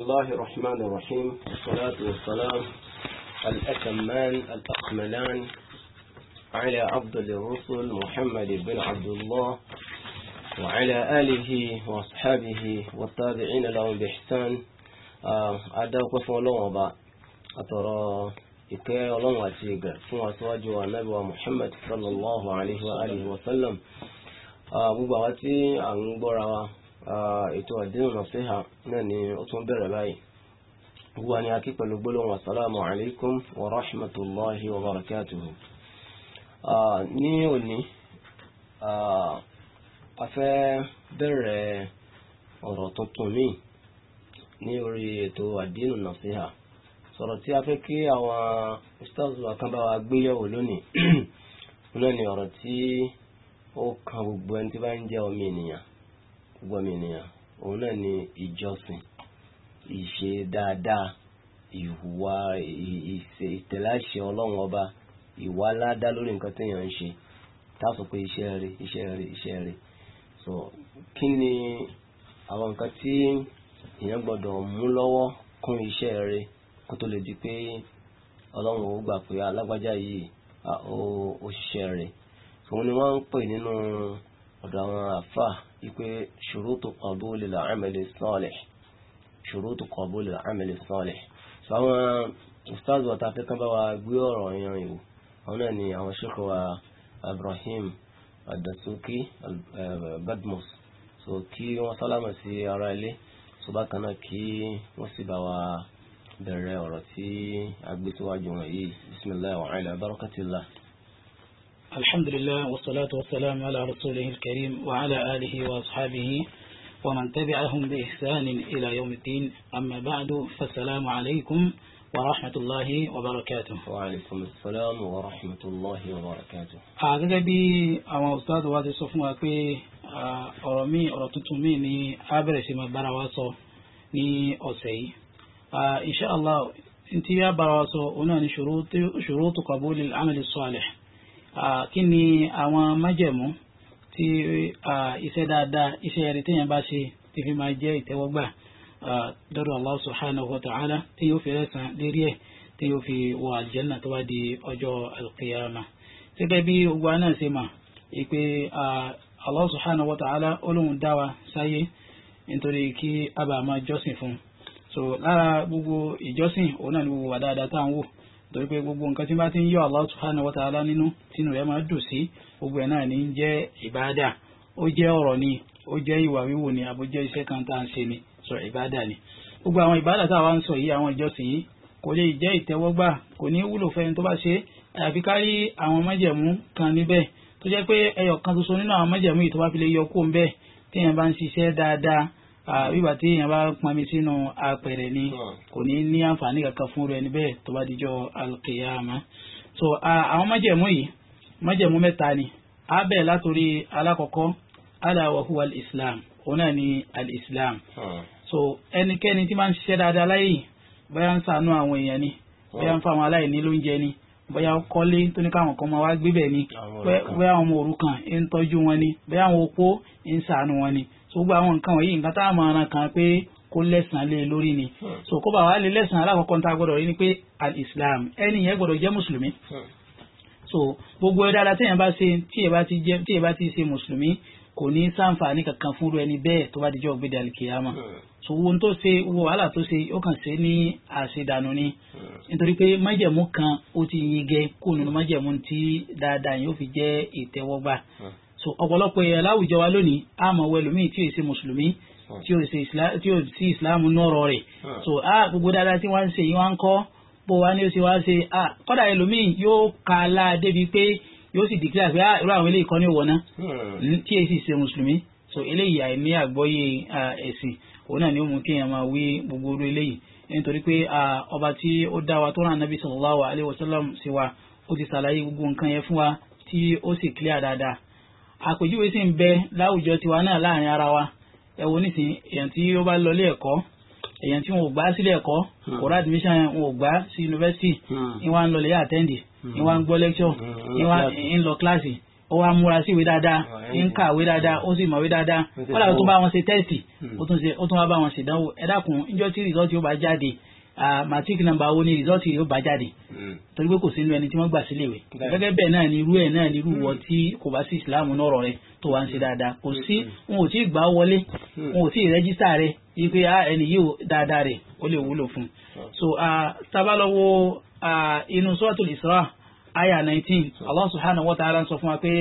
الله الرحمن الرحيم الصلاة والسلام الأتمان الأكملان على أفضل الرسل محمد بن عبد الله وعلى آله وأصحابه والتابعين لهم بإحسان أدعو قسم الله وبا أترى إكاية الله وأتيقى ثم أتواجه النبي محمد صلى الله عليه وآله وسلم أبو بغتي أنبرا ètò àdéhùn nàṣíhà náà ni ó tún bẹ̀rẹ̀ báyìí wúwa ni a kí pẹ̀lú gbólóhùn asalaamu alaykum wa rahmatulahi wa barakatuhu ní òní a fẹ́ bẹ̀rẹ̀ ọ̀rọ̀ tuntun míì ní orí ètò àdínù nàṣíhà sọ̀rọ̀ tí a fẹ́ kí àwọn ìsítàzùwà kan bá wa gbéyẹ̀wò lónìí náà ni ọ̀rọ̀ tí ó kan gbogbo ẹni tí bá ń jẹ́ ọmọ ènìyàn gbọ́mìnìyàn òun náà ni ìjọsìn ìṣe dáadáa ìhùwà ìṣe ìtẹ̀láṣẹ ọlọ́run ọba ìwà ládá lórí nǹkan téèyàn ń ṣe táàsọ pé iṣẹ́ rẹ̀ iṣẹ́ rẹ̀ iṣẹ́ rẹ̀ so kí ni àwọn nǹkan tí èèyàn gbọ́dọ̀ mú lọ́wọ́ kún iṣẹ́ rẹ̀ kó tó lè di pé ọlọ́run ò gbà pé alágbájá yìí ó ṣiṣẹ́ rẹ̀ òun ni wọ́n ń pè nínú ọ̀dọ̀ àwọn àfáà ipe ṣurutu qabuli al-amali salih ṣurutu qabuli al-amali salih so àwọn ustaz wa tafe kan bá wa gbé ọ̀rọ̀ yan ìwò àwọn náà ni àwọn sheikh wa Ibrahim adasuki badmus so kí wọ́n sálámà sí ara ilé so bákan náà kí wọ́n sì bá wa bẹ̀rẹ̀ ọ̀rọ̀ tí agbésíwájú wọn yìí bisimilayi wa ala barakatilah. الحمد لله والصلاة والسلام على رسوله الكريم وعلى آله وأصحابه ومن تبعهم بإحسان إلى يوم الدين أما بعد فالسلام عليكم ورحمة الله وبركاته وعليكم السلام ورحمة الله وبركاته هذا بي أما أستاذ وادي صفوة كي أرمي آه، أرتطمي ني أبرس ما براواسو ني أسي آه، إن شاء الله انتيا براواسو هنا شروط شروط قبول العمل الصالح kí ni àwọn májẹ̀mú tí iṣẹ́ dáadáa iṣẹ́ ẹ̀rí téèyàn bá ṣe ti fi máa jẹ́ ìtẹ́wọ́gbà dọ́dọ̀ Allah subhanahu wa ta'ala tí yóò fi rẹ̀sán lérí ẹ̀ tí yóò fi wọ àlìjẹ́nà tó bá di ọjọ́ alqiyama. site bí gbogbo àná ṣe mà ìpè wa ta'ala olóhùn dawa sáyé nítorí kí a bá máa jọ́sìn fún un. so lára gbogbo ìjọ́sìn òun náà ni torí pé gbogbo nǹkan tí bá ti ń yọ Allah subhanahu wa ta'ala nínú tínú rẹ̀ máa dùn sí gbogbo ẹ̀ náà ní jẹ́ ìbáàdà ó jẹ́ ọ̀rọ̀ ni ó jẹ́ ìwà wíwò ni àbójẹ́ iṣẹ́ kan tá à ń ṣe ni sọ ìbáàdà ni gbogbo àwọn ìbáàdà tá a wá ń sọ yìí àwọn ìjọsìn yìí kò lè jẹ́ ìtẹ́wọ́gbà kò ní wúlò fẹ́ni tó bá ṣe àyàfi ká rí àwọn májẹ̀mú kan níbẹ̀ tó jẹ́ pé ẹyọ kan nínú àwọn májẹ̀mú yìí tó bá fi lè yọ kó ń bẹ́ẹ̀ téèyàn bá ń ṣiṣẹ́ dáadáa wíwà tí èèyàn bá pọnmi sínú apẹ̀rẹ̀ ni hmm. kò ní ní àǹfààní kankan fún rẹ níbẹ̀ tó bá dijọ́ alkiyama so àwọn májẹ̀mú yìí májẹ̀mú mẹ́ta ni a bẹ̀ látòrí alákọ̀ọ́kọ́ ala wa huwa al-islam òun náà ni al hmm. so ẹnikẹ́ni tí máa ń ṣiṣẹ́ dáadáa láyé yìí bóyá ń sànú àwọn èèyàn ni hmm. bóyá ń fa àwọn aláìní lóúnjẹ ni bóyá ó kọ́lé tó ní káwọn kan máa wá gbébẹ̀ ni bóyá àwọn ọmọ òrukàn ń tọ́jú wọn ni bóyá àwọn opó ń sànú wọn ni so gbogbo àwọn nǹkan wọ̀nyí nǹkan tá a máa ran kan pé kó lẹ́sàn-án lé e lórí ni hmm. so kó bá wa lè lẹ́sàn-án alákọ̀ọ́kọ́ ní ta gbọ́dọ̀ rí ni pé al-islam ẹni yẹn gbọ́dọ̀ jẹ́ mùsùlùmí hmm. so gbogbo ẹ̀ dáadáa téèyàn bá ṣe tí ẹ̀ bá ti jẹ́ tí ẹ̀ bá ti ṣe mùsùlùmí kò ní sáǹfààní kankan fúnru ẹni bẹ́ẹ̀ tó bá di jọ́ gbéde alikiyama hmm. so wo tó ṣe wo wàhálà tó ṣe ó kàn ṣe ní àṣedànù ni nítorí pé májẹ̀mú kan ó ti yin gẹ kó nínú májẹ̀mú tí dáadáa yóò fi jẹ́ ìtẹ́wọ́gbà so ọ̀pọ̀lọpọ̀ èèyàn láwùjọ wa lónìí àmọ́ wẹlòmíì tí yóò ṣe mùsùlùmí ah. tí yóò sí ìsìláàmù nọ̀rọ̀ rẹ̀ ah. so a gbogbo dáadáa tí wọ́n ń ṣe yìí wọ́n ń kọ́ bó wa ni ó ṣe wá ṣe a kọ́dà ẹlòmíì yóò ka la débi pé yóò sì dìklà pé a irú àwọn eléyìí kan ní wọ̀ná hmm. hmm, tí yóò ṣe mùsùlùmí so eléyìí àìní àgbọ́yé ẹ̀sìn òun náà ni ó mú kí èèyàn máa wí gbogbo orú eléyìí nítorí pé ọba tí ó dá wa tó rán anábì sallallahu alaihi wasallam sí wa ó ti ṣàlàyé gbogbo nǹkan yẹn fún wa tí ó sì clear dáadáa àpèjúwe sì ń bẹ láwùjọ tiwa náà láàrin ara wa ẹ wo nísìnyí èèyàn tí ó bá lọ ilé ẹ̀kọ́ èèyàn tí wọn ò gbà sílé ẹ̀kọ́ hmm. kò rà admission wọn ò gbà sí yunifásitì ni hmm. wọn ń lọ lè àtẹ́ǹdì ni wọn ń gbọ́ lecture ni hmm. wọn ń lọ kíláàsì ó wá múra sí ìwé dáadáa ń ka ìwé dáadáa ó sì mọ̀ ìwé dáadáa wọ́n làwọn tó bá wọn ṣe tẹ́sì ó tún wá bá wọn ṣèdánwò ẹ dákun níjọ́ tí rìsọ́ọ̀tì ó bá jáde matric number wo ni result yóò bá jáde hmm. torí pé kò sínú ẹni tí wọ́n gbà sílé ìwé hmm. gẹ́gẹ́ bẹ́ẹ̀ náà ni irú ẹ̀ náà ni irú hmm. wọ tí kò bá sí ìsìláàmù náà rọ̀ rẹ̀ tó wá ń ṣe dáadáa kò sí wọn ò tí ì gbà wọlé wọn ò tí ì rẹ́gísítà rẹ̀ ipe ah, ẹni yìí dáadáa rẹ̀ ó lè wúlò fún un so tabalọ́wọ́ inú suratul Isra aya 19 Allah subhanahu wa ta'ala sọ fún wa pé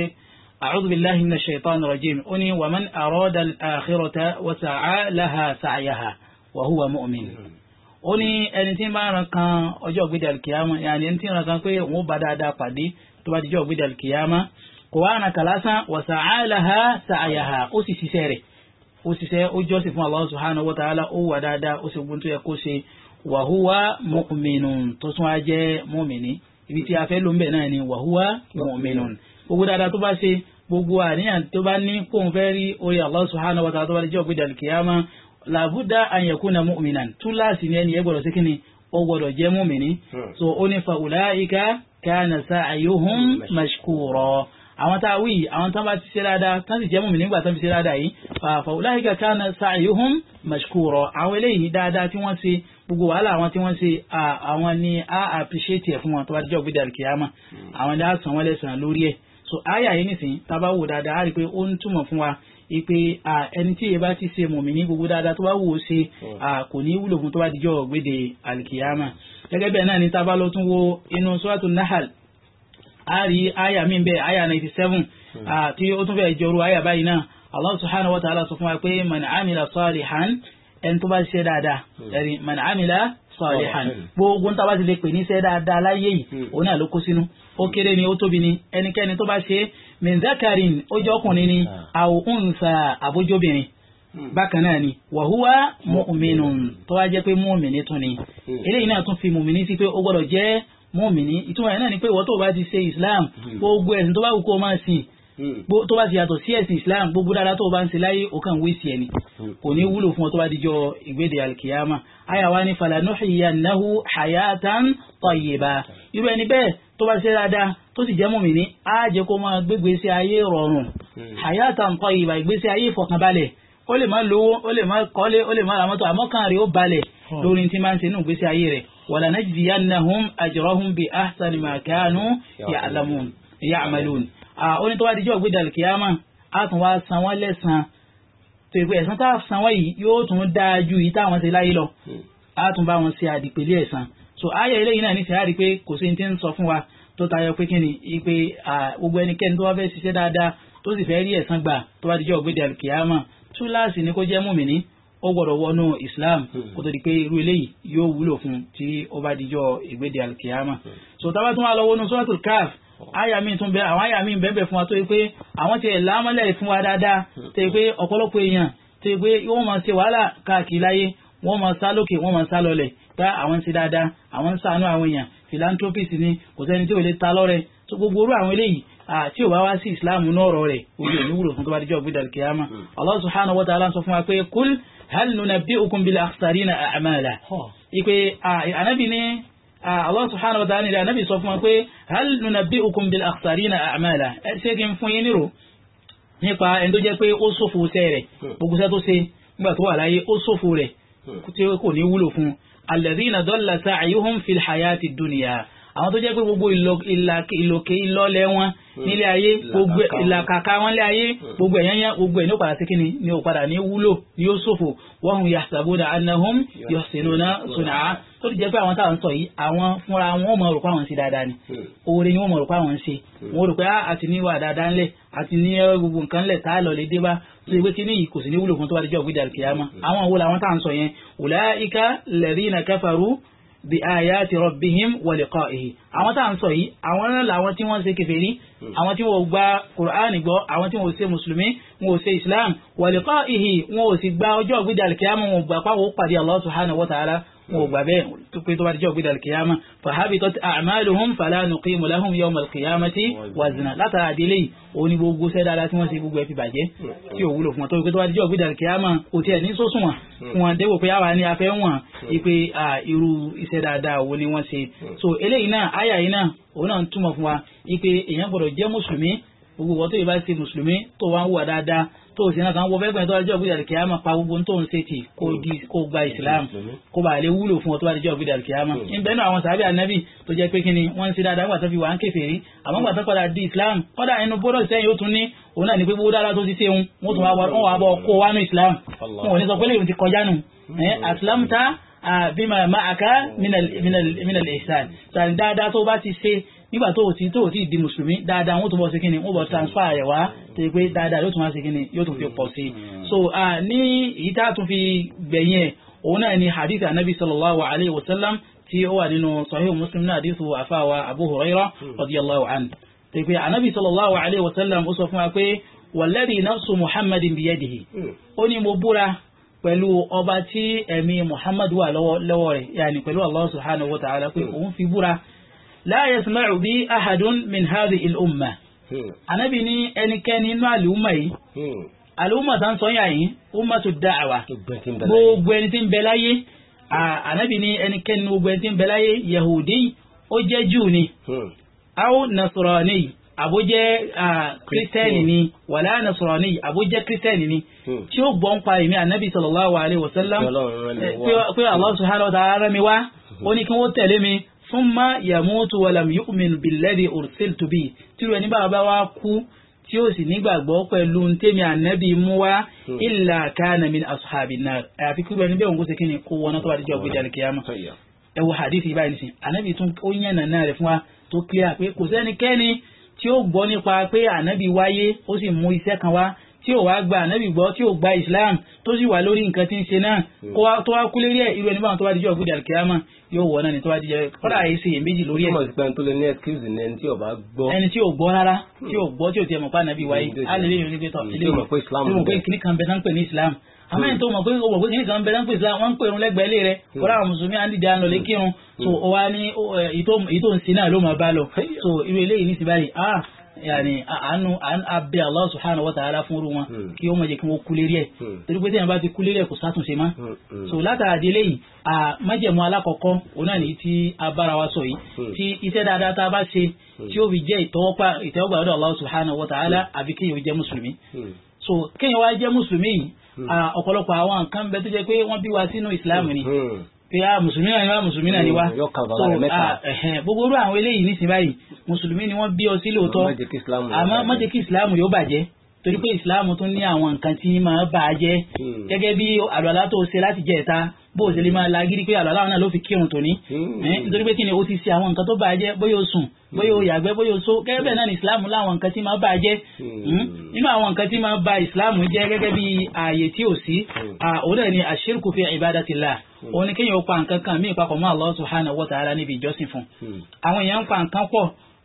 a'udhu billahi minash shaitani rajim ó ní waman arada al-akhirata wa sa'a laha sa'yaha wa huwa mu'min ó ní ẹni tí ń bá ran kan ọjọ́ ògbédè alkiyama yàní ẹni tí ń ran kan pé òun ó bá dáadáa pàdé tó bá ti jẹ́ ògbédè alkiyama kò wá ràn kà lásán wàsà àìláha sàáyàhà ó sì ṣiṣẹ́ rẹ̀ ó ṣiṣẹ́ ó jọ́sìn fún Allah subhanahu wa ta'ala ó wà dáadáa ó ṣe gbóntó yẹ kó ṣe wàhúwá mu'minun tó tún á jẹ́ mu'mini ibi tí a fẹ́ ló ń bẹ̀ ni wàhúwá mu'minun gbogbo dáadáa tó bá ṣe gbogbo àníyàn tó bá ní kóun Allah subhanahu wa ta'ala tó bá lè làbúdà àyẹ̀kúnà mu'minan túláàsì ni ẹni yẹn gbọ́dọ̀ sí kíni ó gbọ́dọ̀ mu'mini hmm. so ó ní fa ulaika kana sa'yuhum mashkura àwọn tá a wí àwọn tán bá ti ṣe dáadáa tán sì jẹ́ mùmí nígbà tán fi ṣe dáadáa yìí fa ulaika kana sa'yuhum mashkura àwọn eléyìí dáadáa tí wọ́n ṣe gbogbo wàhálà àwọn tí wọ́n ṣe àwọn ni a appreciate ẹ̀ fún wọn tó bá jẹ́ ògbédè àlùkìyàmà hmm. àwọn ni a san wọ́n lẹ́sàn lórí ẹ̀ so àyà yìí nìsín tá a bá wò a rí i pé ó ń túmọ̀ wa ipe ẹni tí èyí bá ti ṣe mọ̀mí ní gbogbo dáadáa tó bá wò ó ṣe hmm. kò ní wúlò fún tó bá dijọ́ gbéde alikiyama gẹ́gẹ́ bẹ́ẹ̀ náà ni tá a tún wo inú suratu nahal a rí aya mi bẹ́ẹ̀ aya ninety seven hmm. tí ó tún fẹ́ jọrú aya báyìí náà Allah subhanahu wa ta'ala sọ fún wa pé man amila salihan. ẹni tó bá ṣiṣẹ́ dáadáa hmm. amila salihan hmm. gbogbo tó bá ti lè pè ní iṣẹ́ dáadáa láyé yìí hmm. òun náà ló kó sínú ni ó tóbi ni ẹnikẹ́ni tó bá ṣe min ó jẹ́ ọkùnrin ni aw àbójóbìnrin bákan náà ni wàhúwá mu'minun tó wá jẹ́ pé tún ni eléyìí náà tún fi sí pé ó gbọ́dọ̀ jẹ́ ìtumọ̀ ni pé tó bá ti ṣe Islam gbogbo ẹ̀sìn tó bá wù kó máa Hmm. tó bá ti yàtọ̀ sí ẹ̀sìn islam gbogbo dáadáa tó o bá ń ṣe láyé o kàn wé sí ẹni hmm. kò ní wúlò fún ọ tó bá dijọ́ ìgbéde alkiyama ayawa ni falanuhiyannahu hayatan tayyiba irú ẹni bẹ́ẹ̀ tó bá ṣe dáadáa tó sì jẹ́ mùmínì á jẹ́ kó máa gbégbé sí ayé rọrùn hmm. hayatan tayyiba ìgbésí ayé ìfọkànbalẹ̀ ó lè má lówó ó lè má kọ́lé ó lè má ra àmọ́ kan rè ó balẹ̀ lórí tí máa ń ṣe nínú ìgbésí ayé rẹ̀ wàlànà jìyànnahum ajrahum bi ahsani ma kanu ya'lamun ya'malun ó ní tó bá dijọ́ ògbéjà kìámà á tún wá san wọ́n lẹ́sàn-án tó ìpè ẹ̀san tá a san wọ́n yìí yóò tún dáa ju yìí táwọn ṣe láyé lọ á hmm. tún bá wọn ṣe àdìpèlé ẹ̀san so ayé eléyìí náà níṣẹ́ á rí i pé kò sí ní ti ń sọ fún wa tó tayọ pé kíni ipe gbogbo ẹnikẹ́ni tó bá fẹ́ ṣiṣẹ́ dáadáa tó sì fẹ́ rí ẹ̀san gbà tó bá dijọ́ ògbéjà kìámà túláàsì ni kó jẹ́ mùmìnì ó gbọ́dọ̀ wọnú islam hmm. kó tó di pé irú eléyìí yóò wúlò fún tí ó bá dijọ́ ìgbéde alkiyama hmm. so tábà tún wà lọ wọnú suratul kaf àyà mi tún bẹ àwọn àyà mi bẹ́ẹ̀ bẹ̀ fún wa tó yẹ pé àwọn tiẹ̀ lámọ́lẹ̀ fún wa dáadáa tó yẹ pé ọ̀pọ̀lọpọ̀ èèyàn tó yẹ pé wọ́n máa ṣe wàhálà káàkiri láyé wọ́n máa sá lókè wọ́n máa sá lọlẹ̀ pé àwọn ń ṣe dáadáa àwọn ń ṣàánú àwọn èèyàn philanthropist ni kò sẹ́ni tí ò lè ta lọ́rẹ̀ tó gbogbo orú àwọn eléyìí àti òbá wá sí islam nọ́ọ̀rọ̀ rẹ̀ orí òníwúrò fún tó bá dijọ́ gbídà kìámà Allah subhanahu wa ta'ala sọ fún wa pé kul hal nunabbi'ukum bil akhsarina a'mala. ìpè ànábì ní Ah, Allah subhanahu wa ta'ala ni Ànábì sọ fún wa pé hal nunabbi'ukum bil akhsarina a'mala ṣé kí n fún yín nírò nípa ẹni tó jẹ́ pé ó ṣòfò iṣẹ́ rẹ̀ gbogbo iṣẹ́ tó ṣe nígbà tó wà láyé ó ṣòfò rẹ̀ tí kò ní wúlò fún alladhina dalla sa'yuhum fil hayati dunya àwọn tó jẹ́ pé gbogbo ìlòkè ìlọlẹ̀ wọn hmm. nílé ayé gbogbo ìlàkàkà wọn nílé ayé hmm. gbogbo ẹ̀yán yẹn gbogbo ẹ̀ ní òpadà sí kíni ní òpadà ní wúlò ní ó ṣòfò wọ́n hùn yahsabuna annahum yuhsinuna sun'a tó ti jẹ́ pé àwọn táwọn sọ yìí àwọn fúnra wọn ò mọ òrùkọ àwọn ń ṣe dáadáa ni hmm. oore ni wọn ò mọ òrùkọ àwọn ń ṣe wọn ò rò pé ah, a ti níwà dáadáa ńlẹ̀ a ti ní gbogbo nǹkan ńlẹ̀ tá a lọ lè dé bá tó ṣe pé kíní yìí kò sí ní wúlò fún tó bá dé jọ́ ògbé dàlùkìyàmọ́ àwọn wo làwọn táwọn sọ yẹn ulaika alladhina kafaru bí ayati rabbihim wa liqa'ihi àwọn tá à ń sọ yìí àwọn náà làwọn tí wọ́n ṣe kèfèrí hmm. àwọn tí wọ́n gba Qur'an gbọ́ àwọn tí wọ́n ṣe mùsùlùmí wọ́n ṣe Islam wa liqa'ihi wọ́n ò sì gba ọjọ́ ògbéjà kìámù wọn gbà pàwọ́ pàdé Allah subhanahu wa ta'ala wọn ò gbà bẹ́ẹ̀ tó pé tó bá ti jẹ́ ògbé dàlù kìyàmá fahabitat a'maluhum fala nuqimu lahum yawmal qiyamati wazna látara àdélé yìí ó ní gbogbo sẹ́ dáadáa tí wọ́n ṣe gbogbo ẹ̀ bàjẹ́ tí ò wúlò fún wọn tó pé tó bá ti jẹ́ ògbé kìyàmá kò tiẹ̀ ní sósùn wọn fún wọn dẹ́wò pé àwa ni a fẹ́ wọn ipe irú iṣẹ́ dáadáa wo ni wọ́n ṣe so eléyìí náà áyà yìí náà òun náà túmọ̀ fún wa ipe èèyàn gbọ́dọ̀ jẹ́ mùsùlùmí gbogbo wọn tó yẹ bá ṣe mùsùlùmí tó wá ń wà dáadáa tó o sì náà kàn wọ bẹ́ẹ̀ tó ọjọ́ ìgbìdà kìámà pa gbogbo tó ń ṣe tì kó gba islam kó bàa lè wúlò fún ọ tó bá di ọjọ́ ìgbìdà kìámà. ìbẹ́ hmm. náà àwọn sàbí ànábì tó jẹ́ pé kíni wọ́n ń ṣe dáadáa gbàtọ́ fi wà ń kèfèrí àmọ́ gbàtọ́ padà di islam kọ́dà inú bọ́dọ̀ sẹ́yìn ó tún ní òun náà ní pé gbogbo dára tó ti ṣeun wọ́n tún wá bọ́ kó wánú islam wọn ò ní sọ pé lè ti kọjá nù àsìlámù hmm. ta ah, bima ma'aka hmm. minal ihsan sàn dáadáa tó bá ti ṣe nígbà tó ti tó ti di mùsùlùmí dáadáa wọn tó bọ sí kíni wọn bọ transfer rẹ wá tó yẹ pé dáadáa yóò tún wá sí kíni yóò tún fi pọ̀ sí hmm. so ní èyí tá a tún fi gbẹ̀yìn ẹ̀ òun náà ni hadith anabi sallallahu alayhi wa sallam tí ó wà nínú sahih muslim náà hadith àfàwà abu huraira hmm. radiyallahu anhu tó yẹ pé anabi sallallahu alayhi wa sallam ó sọ fún wa pé walladhi nafsu muhammadin biyadihi hmm. ó ní mo búra pẹ̀lú ọba tí ẹ̀mí muhammad wà lọ́wọ́ rẹ̀ yàní pẹ̀lú allah subhanahu wa ta'ala pé òun fi búra la yasma'u bi ahadun min hadhihi al-umma anabi ní ẹnikẹ́ni inú àlùmọ̀ yìí hmm. àlùmọ̀ tá ń sọ yà yín ummatu da'wa gbogbo ẹni tí ń bẹ láyé anabi ní ẹnikẹ́ni gbogbo ẹni tí ń bẹ láyé yahudi ó jẹ́ júù ni hmm. aw nasrani àbójẹ́ kírísítẹ́nì ni wàlá nasrani àbójẹ́ kírísítẹ́nì ni hmm. tí ó gbọ́n pa èmi anabi sallallahu alayhi wa sallam pé Allah eh, subhanahu wa ta'ala rẹ̀ mi wá ó ní kí wọ́n tẹ̀lé mi thumma yamutu walam yu'min billadhi ursiltu bi tírú ẹni bá bá wá kú tí ó sì nígbàgbọ́ pẹ̀lú ntẹ́mi ànábì mú wá hmm. illa kana min ashabin nar àyàfi kúrò ẹni bẹ́ẹ̀ ń gúnṣe kíni kó wọná tó bá dijọ́ gbé dàlẹ́ kíyàmá ẹ wo hadithi báyìí nìsín ànábì tún ó yàn nàná rẹ̀ fún wa tó clear pé kò sẹ́nikẹ́ni tí ó gbọ́ nípa pé ànábì wáyé ó sì mú iṣẹ́ kan wá tí ò wá gba ànábì gbọ́ tí ò gba islam tó sì wà lórí nǹkan tí ń ṣe náà hmm. tó wá kú lérí ẹ̀ irú ẹni báwọn tó bá dijọ́ ògbódì àlùkìyámà yóò wọ̀ náà ni tó bá dijọ́ kọ́dà àìsè hmm. méjì lórí ẹ̀. ọmọ ìpẹ́ni tó lè ní excuse ni ẹni tí ò bá gbọ́. ẹni tí ò gbọ́ rárá hmm. tí ò gbọ́ tí ò tiẹ̀ mọ̀ pa ànábì wáyé alẹ́ ní pé tọ́ ilé ìmọ̀ pé kìnnì islam àmọ́ ẹni tó mọ̀ pé òwò islam wọ́n ń pè irun lẹ́gbẹ̀ẹ́ lé rẹ̀ so wa ní èyí tó ń sin náà so irú eléyìí ní ah yàní àánú abẹ́ Allah subhanahu wa ta'ala fún orú wọn hmm. kí ó mọ̀ jẹ́ kí wọ́n kú lérí ẹ̀ hmm. torí pé téèyàn bá ti kú lérí ẹ̀ kò sátúnṣe mọ́ hmm, so látara délé yìí májẹ̀mú alákọ̀ọ́kọ́ òun náà nìyí tí a bára wa sọ yìí tí iṣẹ́ dáadáa tá a bá ṣe tí ó fi jẹ́ ìtẹ́wọ́gbà ìtẹ́wọ́gbà ọ̀dọ̀ Allah subhanahu wa ta'ala àbí kéèyàn jẹ́ mùsùlùmí so kéèyàn wá jẹ́ mùsùlùmí ọ̀pọ̀lọpọ̀ àwọn nǹkan bẹ tó jẹ́ pé wọ́n bí wa sínú ìsìláàmù ni pé a mùsùlùmí náà ni wá mùsùlùmí náà ni wá ah, gbogbo orú àwọn eléyìí nísìnyí báyìí mùsùlùmí ni wọ́n bí ọ sí lóòótọ́ àmọ́ mọ́jẹ́kí ìsìláàmù yóò bàjẹ́ torí pé ìsìláàmù tún ní àwọn nǹkan tí máa bà á jẹ́ hmm. gẹ́gẹ́ bí àlọ́lá tó ṣe láti jẹ́ ẹ̀ta bó o ṣe lè máa lagiri pé àlọ́lá náà ló fi kírun tòní hmm. nítorí pé kí ni o ti ṣe àwọn nǹkan tó bà á jẹ́ bóyá o sùn bóyá o hmm. yàgbẹ́ bóyá o só gẹ́gẹ́ bẹ́ẹ̀ náà ní ìsìláàmù láwọn nǹkan tí máa bà á jẹ́ nínú àwọn nǹkan tí máa bà ìsìláàmù jẹ́ gẹ́gẹ́ bí ààyè tí ò sí òun náà ni àṣírkù fi ìbádàtìlá òun ni kéèyàn ó pa nǹkan kan míì papọ̀ mọ́ Allah subhanahu wa ta'ala níbi ìjọsìn fún àwọn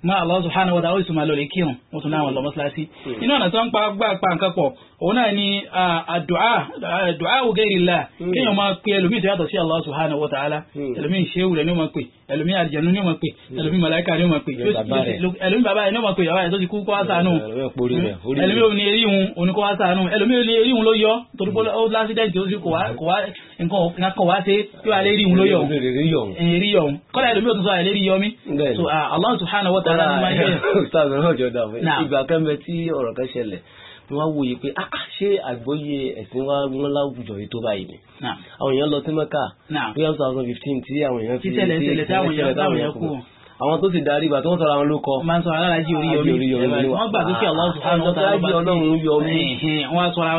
máa Allah subhanahu wa ta'ala ó sì máa lọ lè kírun wọ́n tún náà wọn lọ mọ́ṣáláṣí hmm. inú ọ̀nà tó ń pa gbà pa nǹkan pọ̀ òun náà ni àdùá ògẹ́rìlá kéèyàn máa pe ẹlòmíì tó yàtọ̀ sí Allah subhanahu wa ta'ala hmm. ẹlòmíì ṣéwù rẹ̀ ni ó máa pè ẹlòmíì àlùjànnú ni ó máa pè hmm. ẹlòmíì màláìkà ni ó máa pè ẹlòmíì bàbá rẹ̀ ni ó máa pè bàbá rẹ̀ tó ti kú kó wá ṣàánú ẹlòmíì òun ni eré ìhun òun kó wá ṣàánú ẹlòmíì òun ni eré ìhun ló yọ torí pé ó lásídẹ̀ǹtì ó sì kò wá nǹkan kò wá ṣe kí wàá lé eré ìhun ló yọ eré yọ kọ́lá ẹlòmíì òtún sọ àìlè rí yọmí so Allah subhanahu wa ta'ala ni máa ń yẹ. ìgbà kan bẹ tí ọ̀rọ̀ kan ṣẹlẹ̀ ni wọ́n wòye pé ah, ah ṣé àgbọ́yé ẹ̀sìn wa wọn láwùjọ yìí tó báyìí ni. àwọn èèyàn lọ sí mẹ́kà bí one thousand fifteen tí àwọn èèyàn fi ṣẹlẹ̀ ṣẹlẹ̀ táwọn èèyàn kú àwọn tó sì darí ìgbà tó ń sọ̀rọ̀ àwọn ló kọ. máa ń sọ̀rọ̀ alájí orí yọmí wọ́n gbà tó kí àwọn àwọn tó kí ọlọ́run yọmí.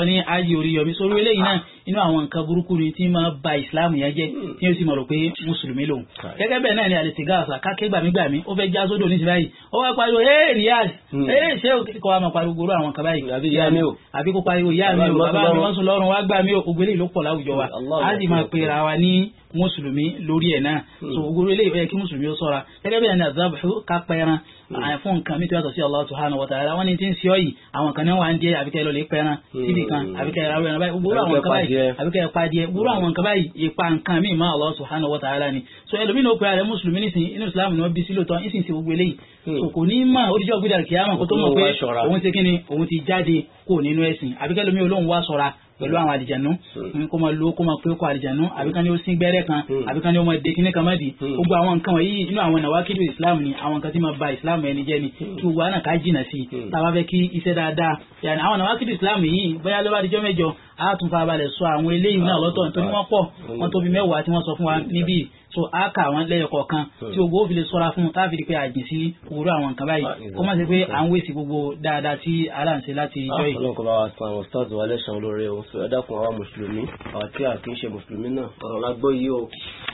ní ají orí yọmí sórí eléyìí náà inú àwọn nǹkan burúkú ni tí máa ba Islam yẹn jẹ́ hmm. tí ó sì mọ̀ rò pé mùsùlùmí lòun. gẹ́gẹ́ bẹ́ẹ̀ náà ni àlè sìgá àṣà káké gbàmígbàmí ó fẹ́ já sódò ní síbáyìí ó wá pariwo ee Riyadh hmm. ee ṣé kò wá máa pariwo goró àwọn kan báyìí. àbí ìyá mi o àbí kó pariwo ìyá mi o bàbá mi wọ́n sùn lọ́rùn wá gbà mí o ògbélé ìlú pọ̀ láwùjọ wa á sì máa pera wa ní mùsùlùmí lórí ẹ̀ náà hmm. so ògbóró eléyìí ó yẹ kí mùsùlùmí ó ni àzábùhù ká pẹran fún mm. ah, nǹkan mi tó yàtọ̀ sí Allah subhanahu wa ta'ala wọ́n ní tí ń sọ yìí àwọn kan náà wà ń jẹ́ àbíkẹ́ lọ lè pẹ́ran mm. síbi kan àbíkẹ́ ráwé ẹran báyìí wúrọ̀ àwọn nǹkan báyìí àbíkẹ́ padìẹ wúrọ̀ àwọn nǹkan báyìí ipa nǹkan mi máa Allah subhanahu wa ta'ala ni so ẹlòmínú ó pe ààrẹ mùsùlùmí nísìn inú islam ni wọ́n bí sí lóòótọ́ ìsìn sí gbogbo eléyìí mm. so kò ní mà ó dijọ́ gbé dàrú kìá mà kó tó mọ̀ pé òun ṣe kíni òun ti jáde kó nínú ẹ̀sìn àbíkẹ́ lómi olóhùn wá ṣọ́ra pẹ̀lú àwọn àlìjànú hmm. kó máa lo kó máa pé kó àlìjànú hmm. àbí kan ní ó sín gbẹ́rẹ́ kan hmm. àbí kan ní ó máa de kíní kan má di gbogbo àwọn nǹkan wọ̀nyí inú àwọn nàwákìlù islam ni àwọn nǹkan tí máa ba islam ẹni jẹ́ ni tí wàá nà ká jìnà sí i tá a bá fẹ́ kí iṣẹ́ dáadáa yàrá àwọn nàwákìlù islam yìí bóyá ló bá di jọ́ mẹ́jọ á tún farabalẹ̀ sọ àwọn eléyìí náà lọ́tọ̀ nítorí wọ́n pọ̀ wọ́n tóbi mẹ́wàá tí wọ́n sọ fún wa níbí so a kà wọ́n lẹ́yọ kọ̀ọ̀kan hmm. tí gbogbo ó fi lè sọ́ra fún tá a fi di pé àjìn sí òwúrọ̀ àwọn nǹkan báyìí ah, kó má ṣe pé à ń wèsì gbogbo dáadáa tí aláǹṣe láti ìjọ ah, yìí. àwọn ọkùnrin wa san ọ̀sán wa lẹ́sàn-án lórí o sọ ẹ dákun àwa mùsùlùmí àwa tí a kì í ṣe mùsùlùmí náà ọ̀rọ̀ la gbọ́ yìí o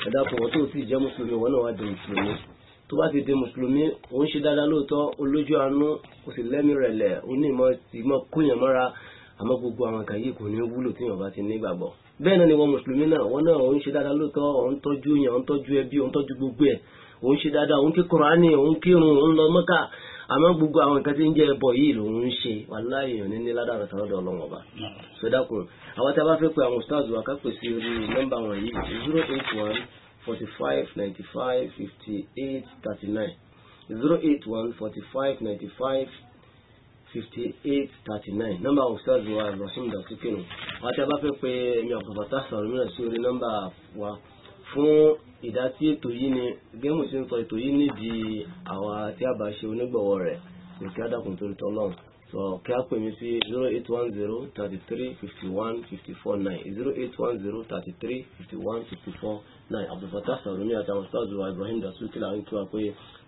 ẹ wọn tó ti jẹ́ mùsùlùmí wọn náà wá di mùsùlùmí tó bá ti di mùsùlùmí òun ṣe dáadáa lóòótọ́ olójú àánú kò sì lẹ́mìí rẹ̀lẹ̀ onímọ̀ tìmọ̀ kúnyàn mọ́ra àmọ́ gbogbo àwọn kan yìí kò ní wúlò tí yàn bá ti nígbàgbọ́ bẹ́ẹ̀ náà ni wọn mùsùlùmí náà wọn náà òun ṣe dáadáa lóòótọ́ òun tọ́jú yàn òun tọ́jú ẹbí òun tọ́jú gbogbo ẹ̀ òun ṣe dáadáa òun kí kùránì òun kírun òun lọ mọ́kà àmọ́ gbogbo àwọn nǹkan tí ń jẹ́ ẹbọ yìí lòun ń ṣe wàláyé yàn ní ní sọ́dọ̀ ọlọ́wọ́n ọba sọdákùn àwọn tí a bá fẹ́ pe àwọn ustaz wa ká pè sí orí nọ́mbà wọn yìí zero eight one forty five ninety five fifty eight thirty nine zero eight one forty five ninety five 5839 nọ́mbà ustaz wa rahim dr kinu àti abáfẹ́ pé ẹ̀yìn ọ̀pọ̀pọ̀tà sọ̀rọ̀ mìíràn sí orí nọ́mbà wa fún ìdá tí ètò yìí ni gẹ́mù sí ń sọ ètò yìí nídìí àwa tí a bá ṣe onígbọ̀wọ́ rẹ̀ ní kí á dàkùn torí tọ́lọ́run sọ kí á pè mí sí 08103351549 08103351549 abdulfatah sọ̀rọ̀ mi àtàwọn ustaz wa ibrahim dasuki là ń kí wa pé